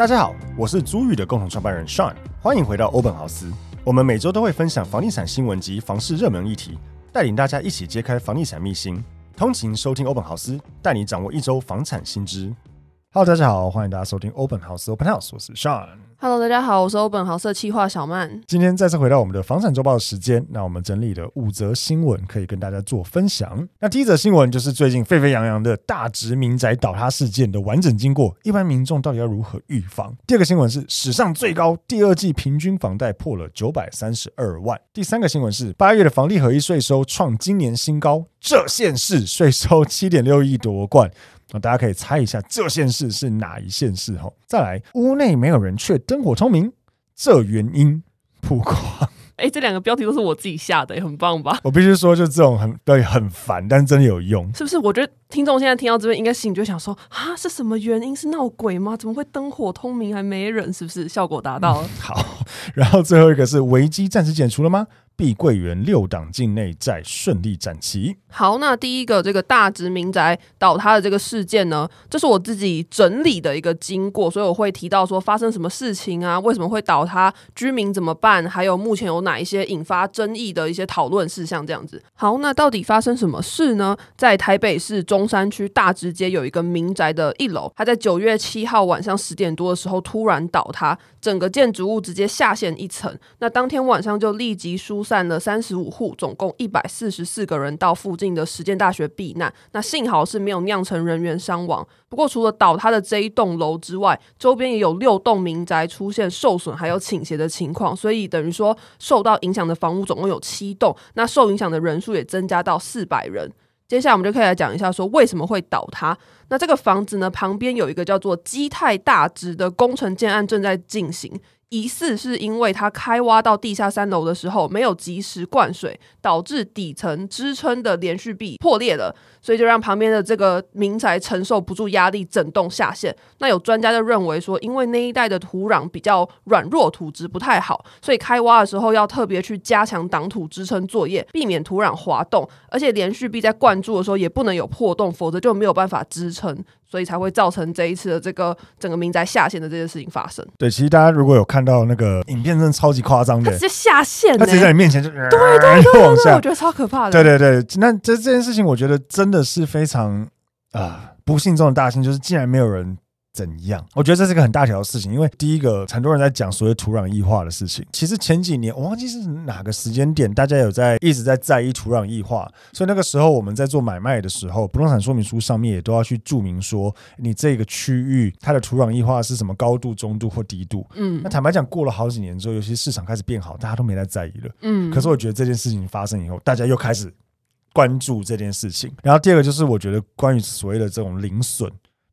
大家好，我是租寓的共同創辦人 Sean，歡迎回到歐本豪斯。我們每周都會分享房地產新聞及房市熱門議題，帶領大家一起揭開房地產祕辛。通勤收聽歐本豪斯，帶你掌握一周房產新知。Hello，大家好，歡迎大家收聽歐本豪斯。Open House 歐本豪斯，我是 Sean。Hello，大家好，我是歐本豪斯企劃小曼。今天再次回到我們的房產周報的時間，那我們整理了五則新聞可以跟大家做分享。那第一則新聞就是最近沸沸揚揚的大直民宅倒塌事件的完整經過，一般民眾到底要如何預防？第二個新聞是史上最高第二季平均房貸破了九百三十二萬。第三個新聞是八月的房地合一稅收創今年新高，這縣市稅收七點六億奪冠。大家可以猜一下這件事是哪一件事哈？再來，屋內沒有人卻燈火通明，這原因曝光。哎、欸，這兩個標題都是我自己下的，欸，也很棒吧？我必須說，就這種很對，很煩，但是真的有用，是不是？我覺得聽眾現在聽到這邊，應該心裡，就想說啊，是什麼原因？是鬧鬼嗎？怎麼會燈火通明還沒人？是不是效果達到了、嗯？好，然後最後一個是危機暫時解除了嗎？碧桂園六檔境內債順利展期。好，那第一個這個大直民宅倒塌的這個事件呢，這是我自己整理的一個經過，所以我會提到說發生什麼事情啊，為什麼會倒塌，居民怎麼辦，還有目前有哪一些引發爭議的一些討論事項這樣子。好，那到底發生什麼事呢？在台北市中山區大直街有一個民宅的一樓，它在九月七號晚上十點多的時候突然倒塌。整個建築物直接下陷一層，那當天晚上就立即疏散了三十五戶，總共一百四十四個人到附近的實踐大學避難。那幸好是沒有釀成人員傷亡。不過除了倒塌的這一棟樓之外，周邊也有六棟民宅出現受損還有傾斜的情況，所以等於說受到影響的房屋總共有七棟，那受影響的人數也增加到四百人。接下來我們就可以來講一下，說為什麼會倒塌？那這個房子呢，旁邊有一個叫做基泰大直的工程建案正在進行。疑似是因為它開挖到地下三樓的時候，沒有及時灌水，導致底層支撐的連續壁破裂了，所以就讓旁邊的這個民宅承受不住壓力，整棟下陷。那有專家就認為說，因為那一帶的土壤比較軟弱，土質不太好，所以開挖的時候要特別去加強擋土支撐作業，避免土壤滑動。而且連續壁在灌注的時候也不能有破洞，否則就沒有辦法支撐。所以才會造成這一次的這個整個民宅下陷的這件事情發生。對，其實大家如果有看到那個影片，真的超級誇張，的。直接下陷，欸，他直接在你面前就，呃，對對對對，就對對對，我覺得超可怕的。對對對，那這這件事情，我覺得真的是非常啊，呃，不幸中的大幸，就是竟然沒有人。怎樣？我覺得這是個很大條的事情，因為第一個，很多人在講所謂土壤液化的事情。其實前幾年我忘記是哪個時間點，大家有在一直在在意土壤液化，所以那個時候我們在做買賣的時候，不動產說明書上面也都要去注明說，你這個區域它的土壤液化是什麼高度、中度或低度。嗯，那坦白講，過了好幾年之後，尤其市場開始變好，大家都沒太在在意了。嗯，可是我覺得這件事情發生以後，大家又開始關注這件事情。然後第二個就是，我覺得關於所謂的這種鄰損。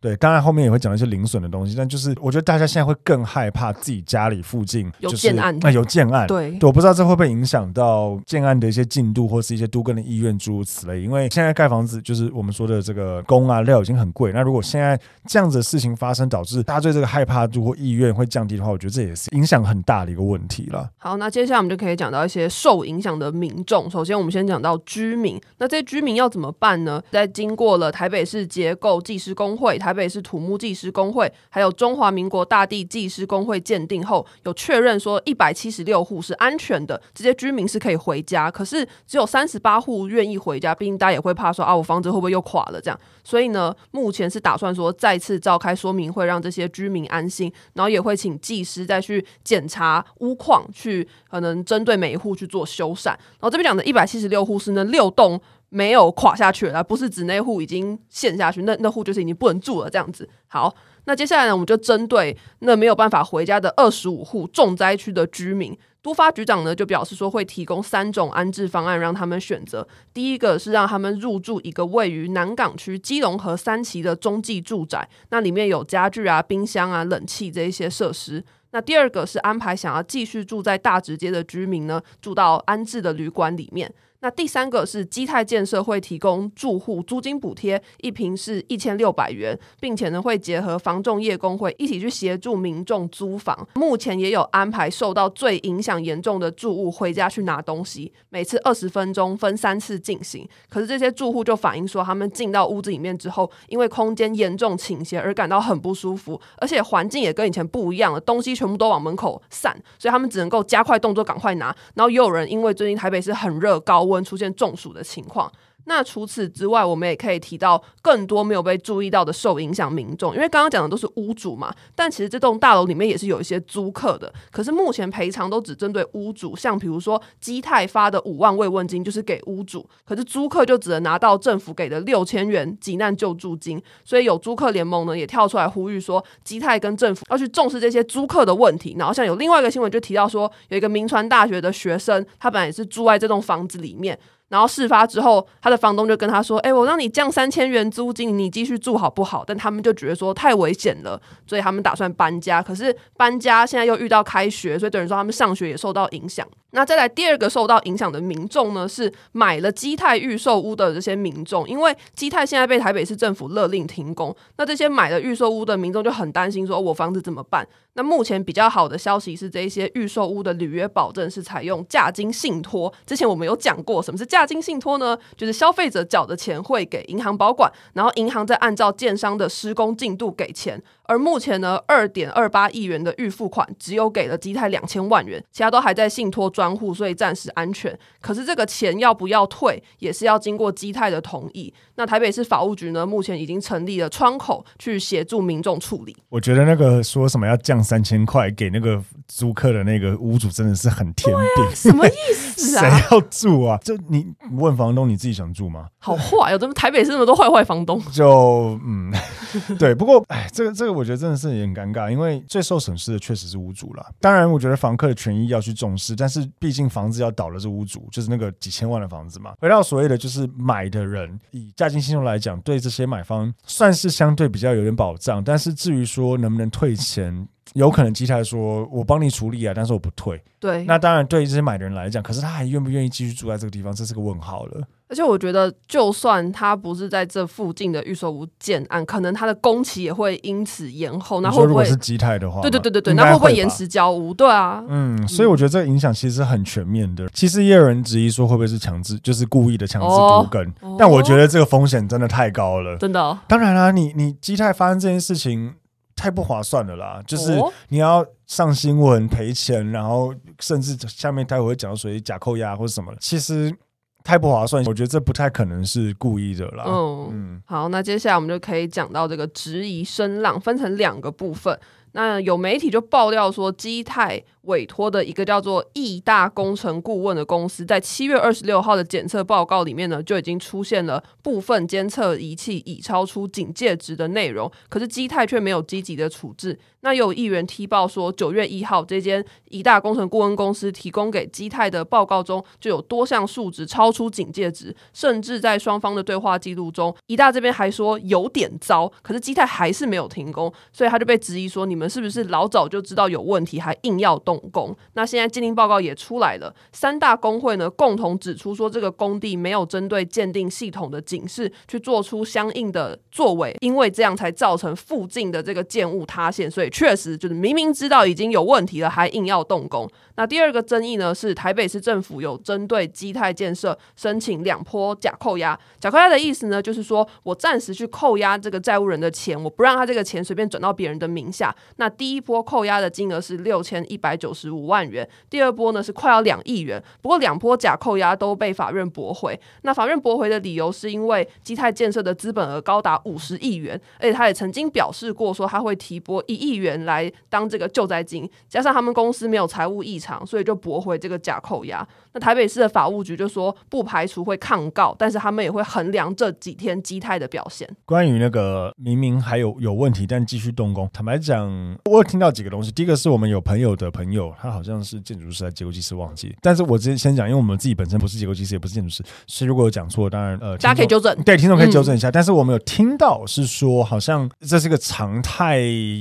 對，當然後面也會講一些鄰損的東西，但就是我覺得大家現在會更害怕自己家裡附近，就是，有建案，那、呃、有建案，對，對，我不知道這會不會影響到建案的一些進度或是一些都更的意願諸如此類，因為現在蓋房子就是我們說的這個工啊料已經很貴，那如果現在這樣子的事情發生，導致大家對這個害怕度或意願會降低的話，我覺得這也是影響很大的一個問題了。好，那接下來我們就可以講到一些受影響的民眾。首先，我們先講到居民，那這些居民要怎麼辦呢？在經過了台北市結構技師公會台北市土木技師工會，還有中華民國大地技師工會鑑定後，有確認說一百七十六戶是安全的，這些居民是可以回家。可是只有三十八戶願意回家，畢竟大家也會怕說啊，我房子會不會又垮了這樣？所以呢，目前是打算說再次召開說明會，讓這些居民安心，然後也會請技師再去檢查屋況，去可能針對每一戶去做修繕。然後這邊講的一百七十六戶是那六棟沒有垮下去了，不是指那戶已經陷下去，那那戶就是已經不能住了這樣子。好，那接下來呢，我們就針對那沒有辦法回家的二十五戶重災區的居民，都發局長呢就表示說會提供三種安置方案讓他們選擇。第一個是讓他們入住一個位於南港區基隆河三期的中繼住宅，那裡面有家具啊、冰箱啊、冷氣這一些設施。那第二個是安排想要繼續住在大直街的居民呢，住到安置的旅館裡面。那第三個是基泰建設會提供住戶租金補貼，一坪是一千六百元，並且呢會結合房仲業工會一起去協助民眾租房。目前也有安排受到最影響嚴重的住戶回家去拿東西，每次二十分鐘，分三次進行。可是這些住戶就反映說，他們進到屋子裡面之後，因為空間嚴重傾斜而感到很不舒服，而且環境也跟以前不一樣了，東西全部都往門口散，所以他們只能夠加快動作趕快拿。然後也有人因為最近台北市很熱高溫。出現中暑的情況。那除此之外，我們也可以提到更多沒有被注意到的受影響民眾，因為剛剛講的都是屋主嘛，但其實這棟大樓裡面也是有一些租客的。可是目前賠償都只針對屋主，像比如說基泰發的五萬慰問金就是給屋主，可是租客就只能拿到政府給的六千元急難救助金。所以有租客聯盟呢也跳出來呼籲說，基泰跟政府要去重視這些租客的問題。然後像有另外一個新聞就提到說，有一個銘傳大學的學生，他本來也是住在這棟房子裡面。然後事發之後，他的房東就跟他說：“哎、欸，我讓你降三千元租金，你繼續住好不好？”但他們就覺得說太危險了，所以他們打算搬家。可是搬家現在又遇到開學，所以等於說他們上學也受到影響。那再來第二個受到影響的民眾呢，是買了基泰預售屋的這些民眾，因為基泰現在被台北市政府勒令停工，那這些買了預售屋的民眾就很擔心說，說、哦、我房子怎麼辦？那目前比較好的消息是，這些預售屋的履約保證是採用價金信託。之前我們有講過，什麼是價？押金信託呢，就是消費者繳的錢會給銀行保管，然後銀行再按照建商的施工進度給錢。而目前呢，二點二八億元的預付款，只有給了基泰兩千萬元，其他都還在信託專戶，所以暫時安全。可是這個錢要不要退，也是要經過基泰的同意。那台北市法務局呢，目前已經成立了窗口，去協助民眾處理。我覺得那個說什麼要降三千塊給那個租客的那個屋主，真的是很天。對啊，什麼意思啊？誰 要住啊？就你。問房東，你自己想住嗎？好壞哦。怎麼台北是那麼多壞壞房東 就？就嗯，對，不過哎，這個這個我覺得真的是很尷尬，因為最受損失的確實是屋主啦。當然，我覺得房客的權益要去重視，但是畢竟房子要倒的是屋主，就是那個幾千萬的房子嘛。回到所謂的就是買的人，以價金信用來講，對這些買方算是相對比較有點保障，但是至於說能不能退錢？ 有可能基泰說：“我幫你處理啊，但是我不退。”對，那當然，對於這些買的人來講，可是他還願不願意繼續住在這個地方，這是個問號了。而且我覺得，就算他不是在這附近的預售屋建案，可能他的工期也會因此延後。那會不會如果是基泰的話？對對對對對，會那會不會延遲交屋？對啊，嗯，所以我覺得這個影響其實是很全面的。嗯、其實也有人質疑說，會不會是強制，就是故意的強制都更。哦、但我覺得這個風險真的太高了，真的、哦。當然啦、啊，你你基泰發生這件事情。太不划算了啦，就是你要上新聞賠錢，哦、然後甚至下面待會會講到屬於假扣押或者什麼，其實太不划算。我覺得這不太可能是故意的啦。嗯，嗯好，那接下來我們就可以講到這個質疑聲浪，分成兩個部分。那有媒體就爆料說，基泰委托的一個叫做易、e、大工程顧問的公司在七月二十六號的檢測報告裡面呢，就已經出現了部分監測儀器已超出警戒值的內容，可是基泰卻沒有積極的處置。那有議員踢爆說，九月一號這間一、e、大工程顧問公司提供給基泰的報告中就有多項數值超出警戒值，甚至在雙方的對話記錄中，e，一大這邊還說有點糟，可是基泰還是沒有停工，所以他就被質疑說你們。是不是老早就知道有問題，還硬要動工？那現在鑑定報告也出來了，三大工會呢共同指出說，這個工地沒有針對鑑定系統的警示去做出相應的作為，因為這樣才造成附近的這個建物塌陷。所以確實就是明明知道已經有問題了，還硬要動工。那第二個爭議呢，是台北市政府有針對基泰建設申請兩波假扣押。假扣押的意思呢，就是說我暫時去扣押這個債務人的錢，我不讓他這個錢隨便轉到別人的名下。那第一波扣押的金額是六千一百九十五萬元，第二波呢是快要兩億元。不過兩波假扣押都被法院駁回。那法院駁回的理由是因為基泰建設的資本額高達五十億元，而且他也曾經表示過說他會提撥一億元來當這個救災金，加上他們公司沒有財務異常，所以就駁回這個假扣押。那台北市的法務局就說不排除會抗告，但是他們也會衡量這幾天基泰的表現。關於那個明明還有有問題，但繼續動工，坦白講。嗯，我有聽到幾個東西。第一個是我們有朋友的朋友，他好像是建築師還是結構技師忘記。但是我之前先講，因為我們自己本身不是結構技師，也不是建築師，所以如果有講錯，當然呃，大家可以糾正。對，聽眾可以糾正一下。嗯、但是我們有聽到是說，好像這是個常態。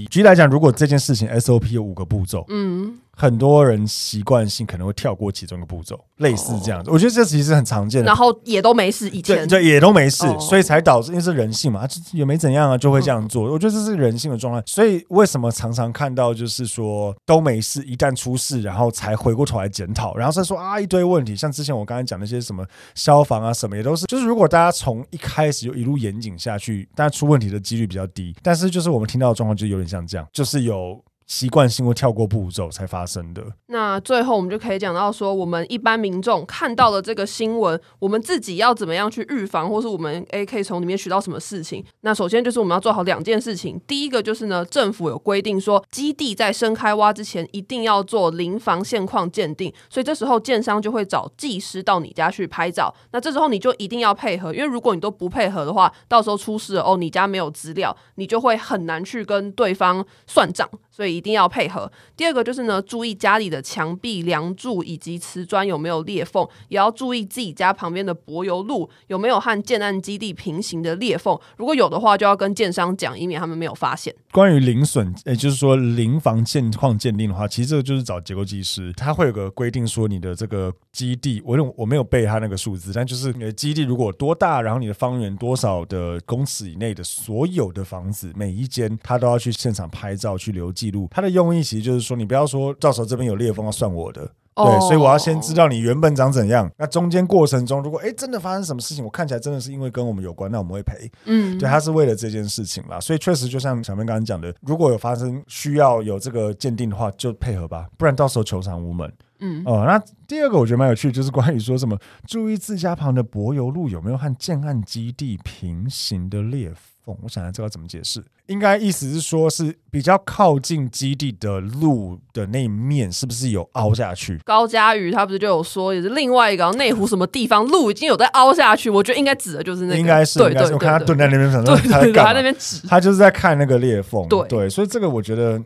舉例來講，如果這件事情 SOP 有五個步驟，嗯。很多人習慣性可能會跳過其中一個步驟，類似這樣子，哦、我覺得這其實是很常見的。然後也都沒事，以前，對，對也都沒事，哦、所以才導致，因為是人性嘛、啊，也沒怎樣啊，就會這樣做。我覺得這是人性的狀態。所以為什麼常常看到就是說都沒事，一旦出事，然後才回過頭來檢討，然後再說啊一堆問題。像之前我剛才講那些什麼消防啊什麼，也都是。就是如果大家從一開始就一路嚴謹下去，大家出問題的幾率比較低。但是就是我們聽到的狀況就有點像這樣，就是有。習慣性會跳過步驟才發生的。那最後我們就可以講到說，我們一般民眾看到了這個新聞，我們自己要怎麼樣去預防，或是我們欸，可以從裡面學到什麼事情？那首先就是我們要做好兩件事情。第一個就是呢，政府有規定說，基地在深開挖之前一定要做鄰房現況鑑定，所以這時候建商就會找技師到你家去拍照。那這時候你就一定要配合，因為如果你都不配合的話，到時候出事哦，你家沒有資料，你就會很難去跟對方算賬，所以。一定要配合。第二個就是呢，注意家裡的牆壁、梁柱以及瓷磚有沒有裂縫，也要注意自己家旁邊的柏油路有沒有和建案基地平行的裂縫。如果有的話，就要跟建商講，以免他們沒有發現。關於零損，也、欸、就是說零房現況鑑定的話，其實這個就是找結構技師。他會有個規定說，你的這個基地，我我沒有背他那個數字，但就是你的基地如果多大，然後你的方圓多少的公尺以內的所有的房子，每一間他都要去現場拍照去留記錄。它的用意其實就是說，你不要說到時候這邊有裂縫要算我的，oh. 對，所以我要先知道你原本長怎樣。那中間過程中，如果誒、欸、真的發生什麼事情，我看起來真的是因為跟我們有關，那我們會賠。嗯，對，他是為了這件事情啦，所以確實就像前面剛剛講的，如果有發生需要有這個鑑定的話，就配合吧，不然到時候求償無門。嗯，哦、呃，那第二個我覺得蠻有趣，就是關於說什麼注意自家旁的柏油路有沒有和建案基地平行的裂縫。哦、我想知道怎麼解釋？應該意思是說，是比較靠近基地的路的那一面是不是有凹下去？高佳宇他不是就有說，也是另外一個內湖什麼地方路已經有在凹下去，我覺得應該指的就是那個。應該是，對，應該是對對對，我看他蹲在那邊，可能他在 他在那邊指，他就是在看那個裂縫。對，對所以這個我覺得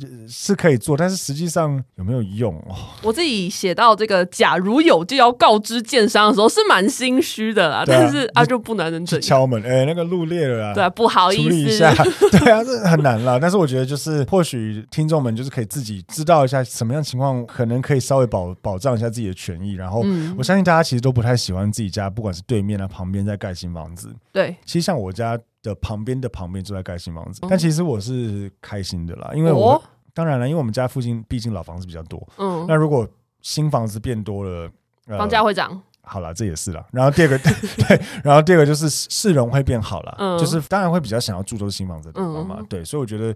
是是可以做，但是實際上有沒有用？Oh, 我自己寫到這個假如有就要告知建商的時候，是蠻心虛的啦。啊、但是啊，就不能敲門，哎、欸，那個路裂了啦啊，對，不好意思，處理一下，對啊，這很難了。 但是我覺得，就是或許聽眾們就是可以自己知道一下什麼樣情況，可能可以稍微保保障一下自己的權益。然後，我相信大家其實都不太喜歡自己家，不管是對面啊、旁邊在蓋新房子。對，其實像我家。的旁邊的旁邊就在蓋新房子，嗯、但其實我是開心的啦，因為我、哦、當然了，因為我們家附近畢竟老房子比較多，嗯，那如果新房子變多了，呃、房價會漲，好了，這也是了。然後第二個， 對，然後第二個就是市容會變好了，嗯、就是當然會比較想要住都是新房子的地方，嗯嘛，嗯對，所以我覺得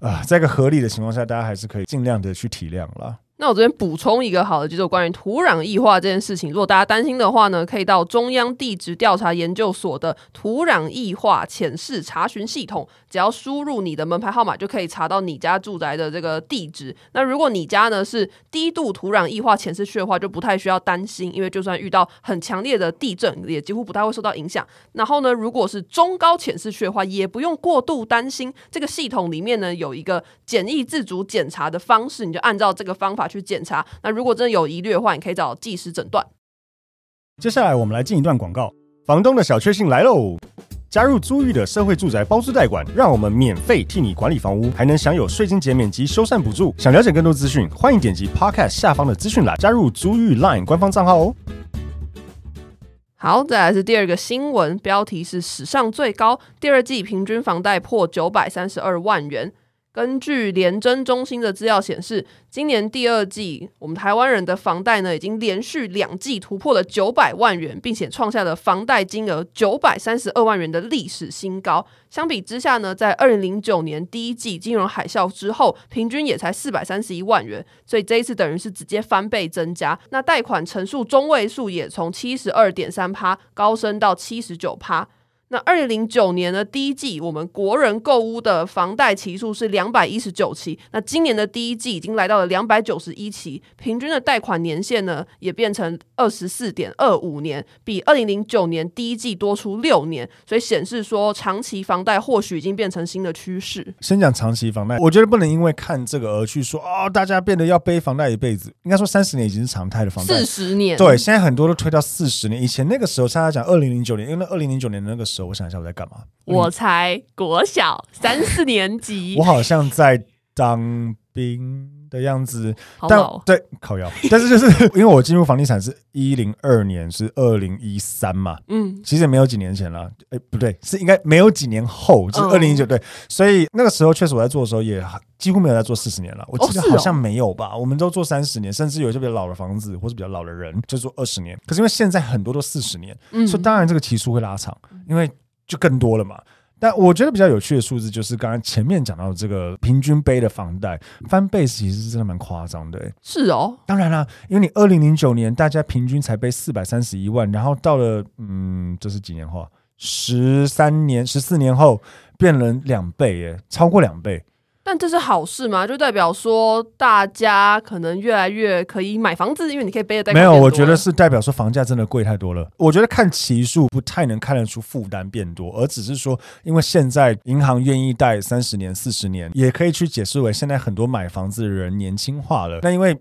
啊、呃，在一個合理的情況下，大家還是可以盡量的去體諒了。那我這邊補充一個好的，就是關於土壤液化這件事情，如果大家擔心的話呢，可以到中央地質調查研究所的土壤液化潛勢查詢系統，只要輸入你的門牌號碼，就可以查到你家住宅的這個地址。那如果你家呢是低度土壤液化潛勢區的話，就不太需要擔心，因為就算遇到很強烈的地震，也幾乎不太會受到影響。然後呢，如果是中高潛勢區的話，也不用過度擔心。這個系統裡面呢有一個簡易自主檢查的方式，你就按照這個方法去檢查，那如果真的有疑慮的話，你可以找技師診斷。接下來我們來進一段廣告，房東的小確幸來嘍！加入租寓的社會住宅包租代管，讓我們免費替你管理房屋，還能享有稅金減免及修繕補助。想了解更多資訊，歡迎點擊 Podcast 下方的資訊欄，加入租寓 Line 官方賬號哦。好，再來是第二個新聞，標題是“史上最高第二季平均房貸破九百三十二萬元”。根據聯徵中心的資料顯示，今年第二季我們台灣人的房貸呢，已經連續兩季突破了九百萬元，並且創下了房貸金額九百三十二萬元的歷史新高。相比之下呢，在二零零九年第一季金融海嘯之後，平均也才四百三十一萬元，所以這一次等於是直接翻倍增加。那貸款成數中位數也從七十二點三趴高升到七十九趴。那二零零九年呢，第一季我們國人購屋的房貸期數是兩百一十九期。那今年的第一季已經來到了兩百九十一期，平均的貸款年限呢，也變成二十四點二五年，比二零零九年第一季多出六年。所以顯示說，長期房貸或許已經變成新的趨勢。先講長期房貸，我覺得不能因為看這個而去說哦，大家變得要背房貸一輩子。應該說三十年已經是常態的房貸，四十年對，現在很多都推到四十年。以前那個時候，像他講二零零九年，因為二零零九年那個。我想一下，我在幹嘛？我才國小三四年級，嗯、我好像在當兵的樣子，但對，靠腰，但是就是因為我進入房地產是一零二年，是二零一三嘛，嗯，其實也沒有幾年前了。誒，不對，是應該沒有幾年後，就是二零一九對。所以那個時候確實我在做的時候也幾乎沒有在做四十年了。我記得好像沒有吧？我們都做三十年，甚至有些比較老的房子或是比較老的人就做二十年。可是因為現在很多都四十年，所以當然這個期數會拉長，因為就更多了嘛。但我覺得比較有趣的數字就是，剛剛前面講到的這個平均背的房貸翻倍，其實是真的蠻誇張的、欸。是哦，當然啦、啊，因為你二零零九年大家平均才背四百三十一萬，然後到了嗯，這是幾年後、啊？十三年、十四年後變了兩倍耶、欸，超過兩倍。但這是好事嘛，就代表說大家可能越來越可以買房子，因為你可以背的貸。沒有，我覺得是代表說房價真的貴太多了。我覺得看期數不太能看得出負擔變多，而只是說，因為現在銀行願意貸三十年、四十年，也可以去解釋為現在很多買房子的人年輕化了。那因為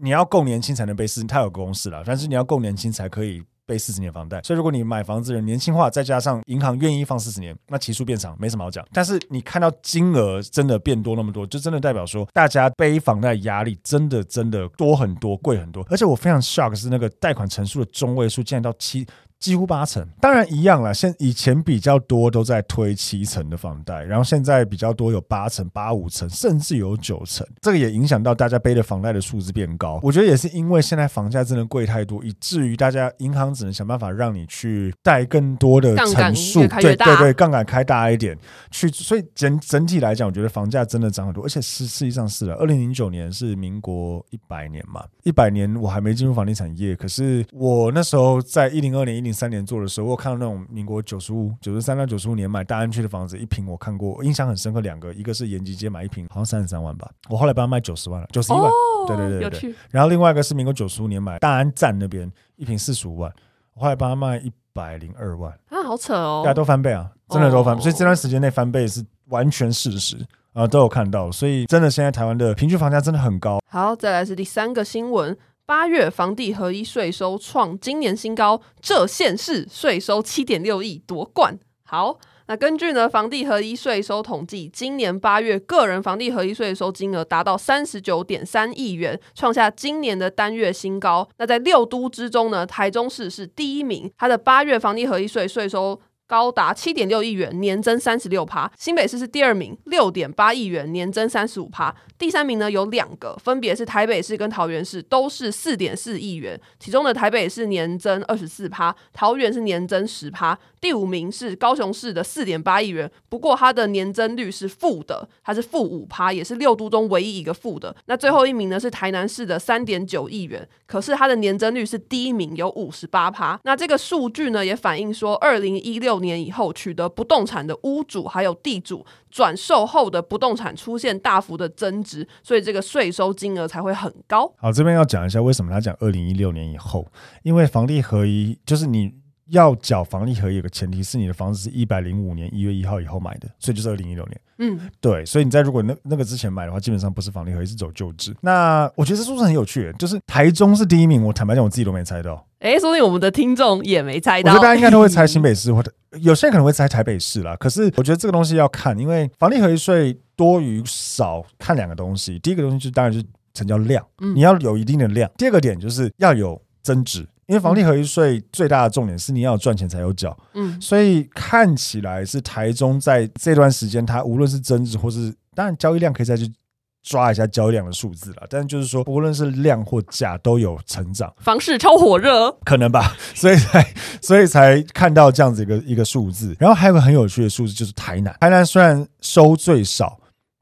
你要夠年輕才能背四，太有公式了。但是你要夠年輕才可以。背四十年房貸，所以如果你買房子人年輕化，再加上銀行願意放四十年，那期數變長沒什麼好講。但是你看到金額真的變多那麼多，就真的代表說大家背房貸壓力真的真的多很多，貴很多。而且我非常 shock 是那個貸款成數的中位數降到七。幾乎八成，當然一樣了。現以前比較多都在推七成的房貸，然後現在比較多有八成、八五成，甚至有九成。這個也影響到大家背的房貸的數字變高。我覺得也是因為現在房價真的貴太多，以至於大家銀行只能想辦法讓你去貸更多的成數，越越，對對對，槓桿開大一點去。所以整整體來講，我覺得房價真的漲很多。而且是實際上是的，啊，二零零九年是民國一百年嘛，一百年我還沒進入房地產業，可是我那時候在一零二年一零。三年做的時候，我有看到那種民國九十五、九十三到九十五年買大安區的房子，一坪我看過，印象很深刻。兩個，一個是延吉街買一坪，好像三十三萬吧，我後來幫他賣九十萬了，九十一萬。萬哦、對對對，對，對有趣，然後另外一個是民國九十五年買大安站那邊一坪四十五萬，我後來幫他賣一百零二萬。啊，好扯哦，大家都翻倍啊，真的都翻倍，哦、所以這段時間內翻倍是完全事實啊，都有看到。所以真的，現在台灣的平均房價真的很高。好，再來是第三個新聞。八月房地合一稅收創今年新高，這縣市稅收七點六億奪冠。好，那根據呢房地合一稅收統計，今年八月個人房地合一稅收金額達到三十九點三億元，創下今年的單月新高。那在六都之中呢，台中市是第一名，它的八月房地合一稅稅收。高達七點六億元，年增三十六趴。新北市是第二名，六點八億元，年增三十五趴。第三名呢有兩個，分別是台北市跟桃園市，都是四點四億元。其中的台北市年增二十四趴，桃園是年增十趴。第五名是高雄市的四點八億元，不過它的年增率是負的，它是負五趴，也是六都中唯一一個負的。那最後一名呢是台南市的三點九億元，可是它的年增率是第一名，有五十八趴。那這個數據呢也反映說，二零一六年以後取得不動產的屋主還有地主轉售後的不動產出現大幅的增值，所以這個稅收金額才會很高。好，這邊要講一下為什麼他講二零一六年以後，因為房地合一就是你。要繳房地合一有個前提是你的房子是一百零五年一月一號以後買的，所以就是二零一六年。嗯，對，所以你在如果那那個之前買的話，基本上不是房地合一，是走舊制。那我覺得這數字很有趣，就是台中是第一名，我坦白講我自己都沒猜到。哎、欸，說不定我們的聽眾也沒猜到。我覺得大家應該都會猜新北市，或者 有些人可能會猜台北市啦。可是我覺得這個東西要看，因為房地合一稅多與少看兩個東西。第一個東西就當然就是成交量，嗯、你要有一定的量。第二個點就是要有增值。因為房地合一稅最大的重點是你要賺錢才有繳，嗯，所以看起來是台中在這段時間，它無論是增值或是當然交易量，可以再去抓一下交易量的數字啦，但就是說無論是量或價都有成長，房市超火熱，可能吧，所以才所以才看到這樣子一個一個數字。然後還有個很有趣的數字就是台南，台南雖然收最少，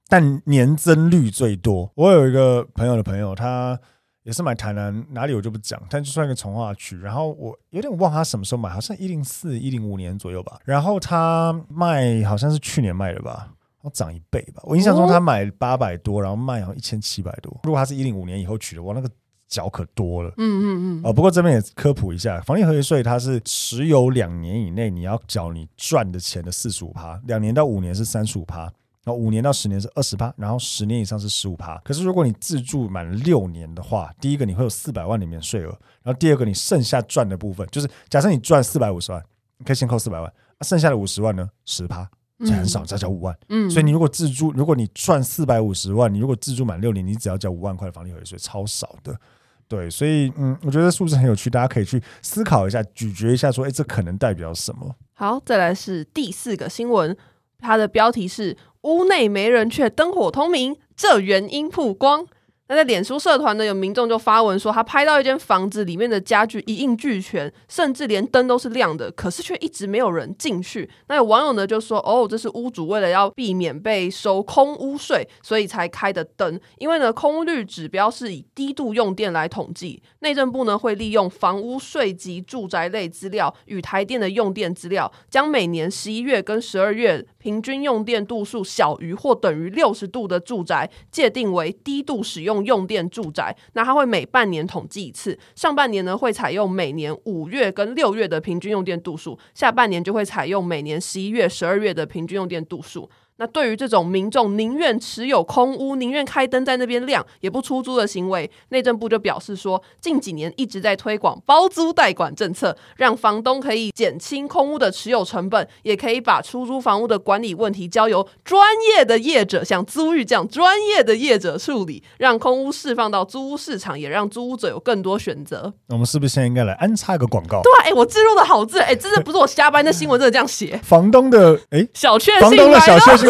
但年增率最多。我有一個朋友的朋友，他。也是買台南哪裡我就不講，但就算一個重劃區。然後我有點忘他什麼時候買，好像一零四一零五年左右吧。然後他賣好像是去年賣的吧，要漲一倍吧。我印象中他買八百多，哦、然後賣好像一千七百多。如果他是一零五年以後取的，我那個繳可多了。嗯嗯嗯。哦、呃，不過這邊也科普一下，房地合一稅它是持有兩年以內你要繳你賺的錢的四十五趴，兩年到五年是三十五趴。然後五年到十年是二十趴，然後十年以上是十五趴。可是如果你自住滿六年的話，第一個你會有四百萬裡面稅額，然後第二個你剩下賺的部分，就是假設你賺四百五十萬，你可以先扣四百萬，啊、剩下的五十萬呢，十趴，這很少，只要交五萬。嗯，所以你如果自住，如果你賺四百五十萬，你如果自住滿六年，你只要交五萬塊的房地合一稅，超少的。對，所以嗯，我覺得數字很有趣，大家可以去思考一下，咀嚼一下說，說誒，這可能代表什麼？好，再來是第四個新聞，它的標題是。屋內沒人，卻燈火通明，這原因曝光。那在臉書社團呢，有民眾就發文說，他拍到一間房子裡面的家具一應俱全，甚至連燈都是亮的，可是卻一直沒有人進去。那有網友呢就說，哦，這是屋主為了要避免被收空屋稅，所以才開的燈。因為呢，空屋率指標是以低度用電來統計，內政部呢會利用房屋稅籍住宅類資料與台電的用電資料，將每年十一月跟十二月平均用電度數小於或等於六十度的住宅界定為低度使用。用電住宅，那它會每半年統計一次。上半年呢，會採用每年五月跟六月的平均用電度數；下半年就會採用每年十一月、十二月的平均用電度數。那對於這種民眾寧願持有空屋，寧願開燈在那邊亮，也不出租的行為，內政部就表示說，近幾年一直在推廣包租代管政策，讓房東可以減輕空屋的持有成本，也可以把出租房屋的管理問題交由專業的業者，像租寓這樣專業的業者處理，讓空屋釋放到租屋市場，也讓租屋者有更多選擇。我們是不是現在應該來安插一個廣告？對，哎，我置入的好字，哎，真的不是我瞎掰，那新聞真的這樣寫。房東的哎，誒小確幸，房東的小確幸。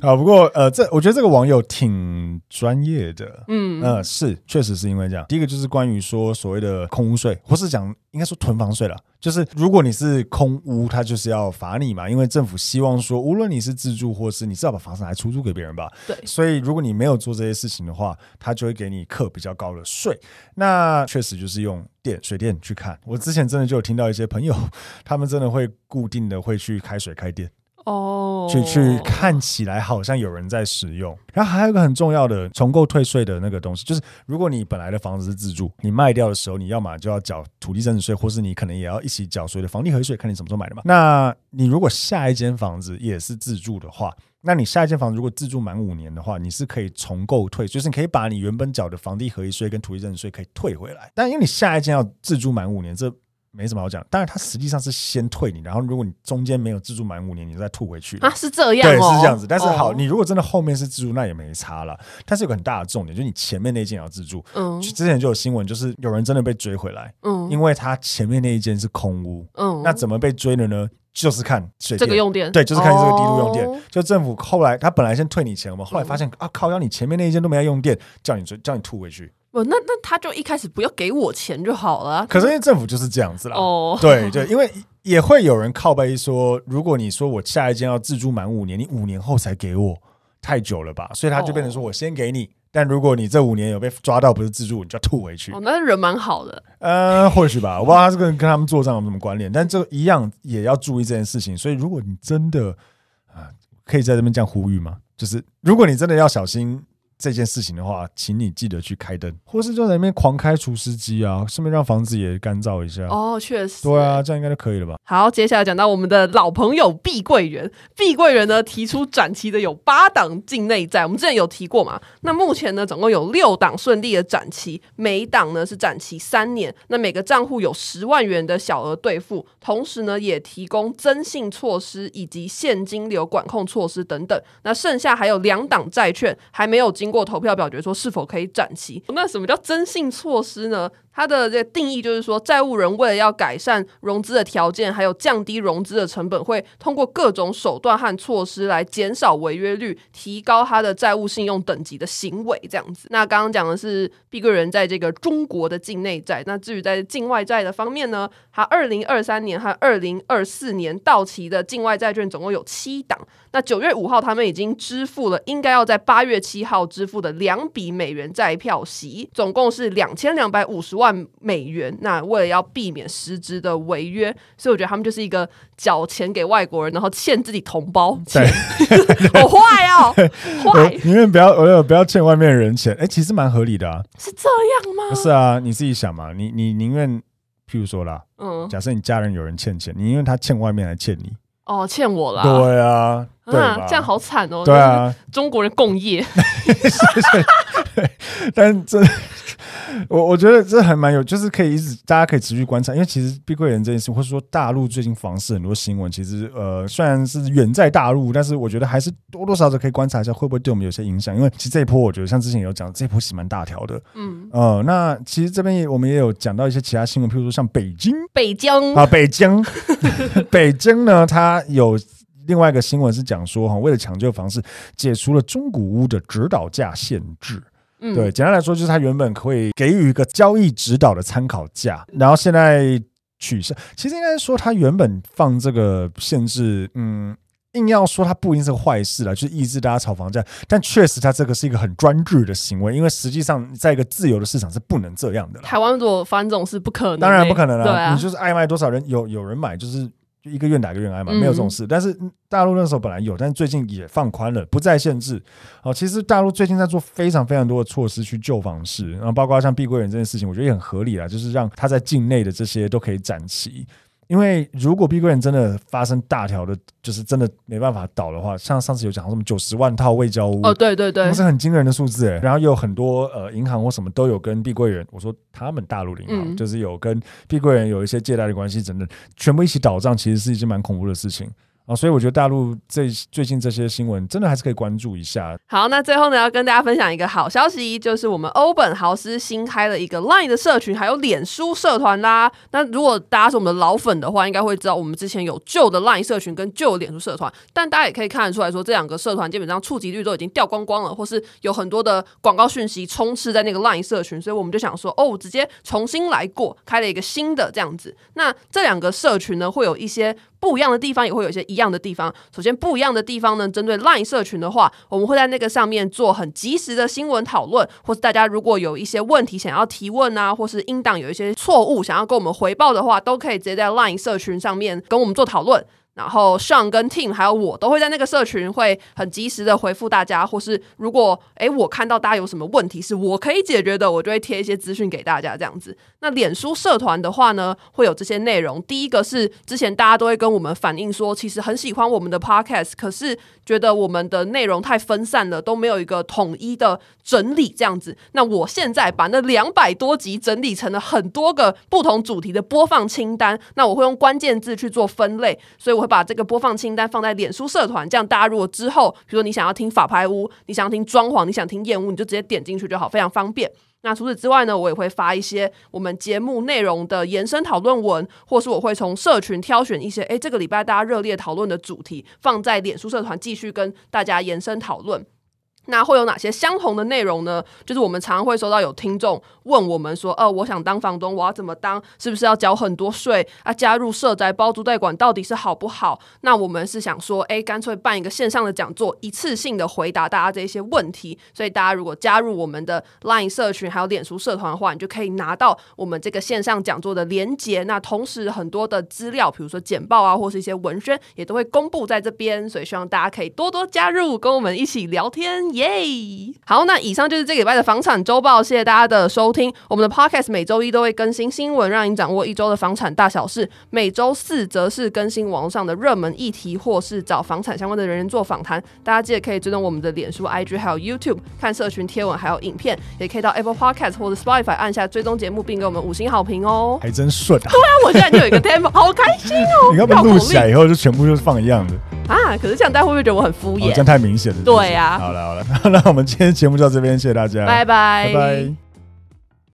啊，不過呃，這我覺得這個網友挺專業的，嗯呃是，確實是因為這樣。第一個就是關於說所謂的空屋稅，或是講應該說囤房稅啦，就是如果你是空屋，他就是要罰你嘛，因為政府希望說，無論你是自住或是你是要把房子拿來出租給別人吧，對，所以如果你沒有做這些事情的話，他就會給你課比較高的稅。那確實就是用電、水電去看，我之前真的就有聽到一些朋友，他們真的會固定的會去開水、開電。哦，去去看起來好像有人在使用，然後還有一個很重要的重購退稅的那個東西，就是如果你本來的房子是自住，你賣掉的時候，你要麼就要繳土地增值稅，或是你可能也要一起繳所有的房地合一稅，看你什麼時候買的嘛。那你如果下一間房子也是自住的話，那你下一間房子如果自住滿五年的話，你是可以重購退，就是你可以把你原本繳的房地合一稅跟土地增值稅可以退回來，但因為你下一間要自住滿五年，這。沒什麼好講，但是它實際上是先退你，然後如果你中間沒有自住滿五年，你再吐回去。啊，是這樣，哦，對，是這樣子。但是好，哦，你如果真的後面是自住，那也沒差了。但是有個很大的重點，就是你前面那一間要自住。嗯，之前就有新聞，就是有人真的被追回來，嗯，因為他前面那一間是空屋，嗯，那怎麼被追的呢？就是看水電，這個用電，對，就是看這個低度用電。哦，就政府後來他本來先退你錢，我們後來發現，嗯、啊靠妖，你前面那一間都沒用電，叫你追，叫你吐回去。哦，那那他就一開始不要給我錢就好了。可是因為政府就是這樣子啦。哦，對對，就因為也會有人靠北說，如果你說我下一間要自住滿五年，你五年後才給我，太久了吧？所以他就變成說我先給你，哦、但如果你這五年有被抓到不是自住，你就要吐回去。哦、那人蠻好的。呃，或許吧，我不知道他這個人跟他們做賬有，有什麼關聯，嗯、但這一樣也要注意這件事情。所以如果你真的啊、呃，可以在這邊這樣呼籲嗎？就是如果你真的要小心。這件事情的話，請你記得去開燈，或是就在那邊狂開除濕機啊，順便讓房子也乾燥一下。哦，oh, 確實，對啊，這樣應該就可以了吧？好，接下來講到我們的老朋友碧桂園，碧桂園呢提出展期的有八檔境內債， 我們之前有提過嘛？那目前呢，總共有六檔順利的展期，每檔呢是展期三年，那每個賬戶有十萬元的小額兌付，同時呢也提供增信措施以及現金流管控措施等等。那剩下還有兩檔債券還沒有進，通過投票表決，說是否可以展期。那什麼叫增信措施呢？他的這個定義就是說，債務人為了要改善融資的條件，還有降低融資的成本，會通過各種手段和措施來減少違約率，提高他的債務信用等級的行為，這樣子。那剛剛講的是碧桂園在這個中國的境內債，那至於在境外債的方面呢，他二零二三年和二零二四年到期的境外債券總共有七檔。那九月五號，他們已經支付了應該要在八月七號支付的兩筆美元債票息，總共是兩千兩百五十萬。萬美元，那為了要避免實質的違約，所以我覺得他們就是一個繳錢給外國人，然後欠自己同胞錢，對 好壞哦、喔，壞寧願不要、嗯，不要欠外面的人錢？哎、欸，其實蠻合理的啊，是這樣嗎？是啊，你自己想嘛，你你寧願譬如說啦，嗯，假設你家人有人欠錢，你因為他欠外面來欠你，哦，欠我啦，對啊，那、啊啊、吧這樣好慘哦、喔，對啊，中國人共業， 是是但這 我我覺得這還蠻有，就是可以一直大家可以持續觀察，因為其實碧桂園這件事，或者說大陸最近房市很多新聞，其實呃雖然是遠在大陸，但是我覺得還是多多少少可以觀察一下，會不會對我們有些影響。因為其實這一波，我覺得像之前有講，這一波是蠻大條的。嗯呃，那其實這邊也我們也有講到一些其他新聞，譬如說像北京、北京疆啊，北京、 北京呢，它有另外一個新聞是講說，哈，為了搶救房市，解除了中古屋的指導價限制。嗯，對，簡單來說就是他原本可以給予一個交易指導的參考價，然後現在取消。其實應該說他原本放這個限制，嗯，硬要說它不一定是個壞事了，去、就是、抑制大家炒房價。但確實，他這個是一個很專制的行為，因為實際上在一個自由的市場是不能這樣的。台灣做反總是不可能、欸，當然不可能了、啊。對啊、你就是愛賣多少人有有人買就是。一個願打一個願挨嘛，沒有這種事。但是大陸那時候本來有，但是最近也放寬了，不再限制。好，其實大陸最近在做非常非常多的措施去救房市，然後包括像碧桂園這件事情，我覺得也很合理啊，就是讓他在境內的這些都可以展期。因為如果碧桂園真的發生大條的，就是真的沒辦法倒的話，像上次有講什麼九十萬套未交屋，哦對對對，那是很驚人的數字，欸，然後又有很多呃銀行或什麼都有跟碧桂園，我說他們大陸銀行就是有跟碧桂園有一些借貸的關係，真的全部一起倒賬，其實是一件蠻恐怖的事情。啊、哦，所以我覺得大陸這最近這些新聞，真的還是可以關注一下。好，那最後呢，要跟大家分享一個好消息，就是我們歐本豪斯新開了一個 Line 的社群，還有臉書社團啦。那如果大家是我們的老粉的話，應該會知道我們之前有舊的 Line 社群跟舊臉書社團，但大家也可以看得出來說，這兩個社團基本上觸及率都已經掉光光了，或是有很多的廣告訊息充斥在那個 Line 社群，所以我們就想說，哦，我直接重新來過，開了一個新的這樣子。那這兩個社群呢，會有一些。不一樣的地方，也會有一些一樣的地方。首先，不一樣的地方呢，針對 LINE 社群的話，我們會在那個上面做很及時的新聞討論，或是大家如果有一些問題想要提問啊，或是音檔有一些錯誤想要跟我們回報的話，都可以直接在 LINE 社群上面跟我們做討論。然後 Sean 跟 Team 還有我都會在那個社群會很及時的回覆大家，或是如果哎我看到大家有什麼問題是我可以解決的，我就會貼一些資訊給大家這樣子。那臉書社團的話呢，會有這些內容。第一個是之前大家都會跟我們反映說，其實很喜歡我們的 Podcast，可是覺得我們的內容太分散了，都沒有一個統一的整理這樣子。那我現在把那兩百多集整理成了很多個不同主題的播放清單，那我會用關鍵字去做分類，所以我。把這個播放清單放在臉書社團，這樣大家如果之後，比如說你想要聽法拍屋，你想要聽裝潢，你想聽嫌惡，你就直接點進去就好，非常方便。那除此之外呢，我也會發一些我們節目內容的延伸討論文，或是我會從社群挑選一些，哎、欸，這個禮拜大家熱烈討論的主題，放在臉書社團繼續跟大家延伸討論。那會有哪些相同的內容呢？就是我們常常會收到有聽眾問我們說：“哦、呃，我想當房東，我要怎麼當？是不是要繳很多稅？啊，加入社宅包租代管到底是好不好？”那我們是想說，哎、欸，乾脆辦一個線上的講座，一次性的回答大家這一些問題。所以，大家如果加入我們的 Line 社群還有臉書社團的話，你就可以拿到我們這個線上講座的連結。那同時，很多的資料，比如說簡報啊，或是一些文宣，也都會公布在這邊。所以，希望大家可以多多加入，跟我們一起聊天。耶！Yeah! 好，那以上就是這個禮拜的房產周報，謝謝大家的收聽。我們的 podcast 每周一都會更新新聞，讓你掌握一周的房產大小事；每周四則是更新網絡上的熱門議題，或是找房產相關的人員做訪談。大家記得可以追蹤我們的臉書、IG，還有 YouTube 看社群貼文，還有影片。也可以到 Apple Podcast 或者 Spotify 按下追蹤節目，並給我們五星好評哦、喔。還真順啊！對啊，我現在就有一個 demo， 好開心哦、喔！你要不要錄起來以後，就全部就是放一樣的啊。可是這樣，大家會不會覺得我很敷衍？哦、這樣太明顯了。對呀、啊。好了，好了。 好，那我們今天節目就到這邊，謝謝大家，拜拜 bye，拜拜。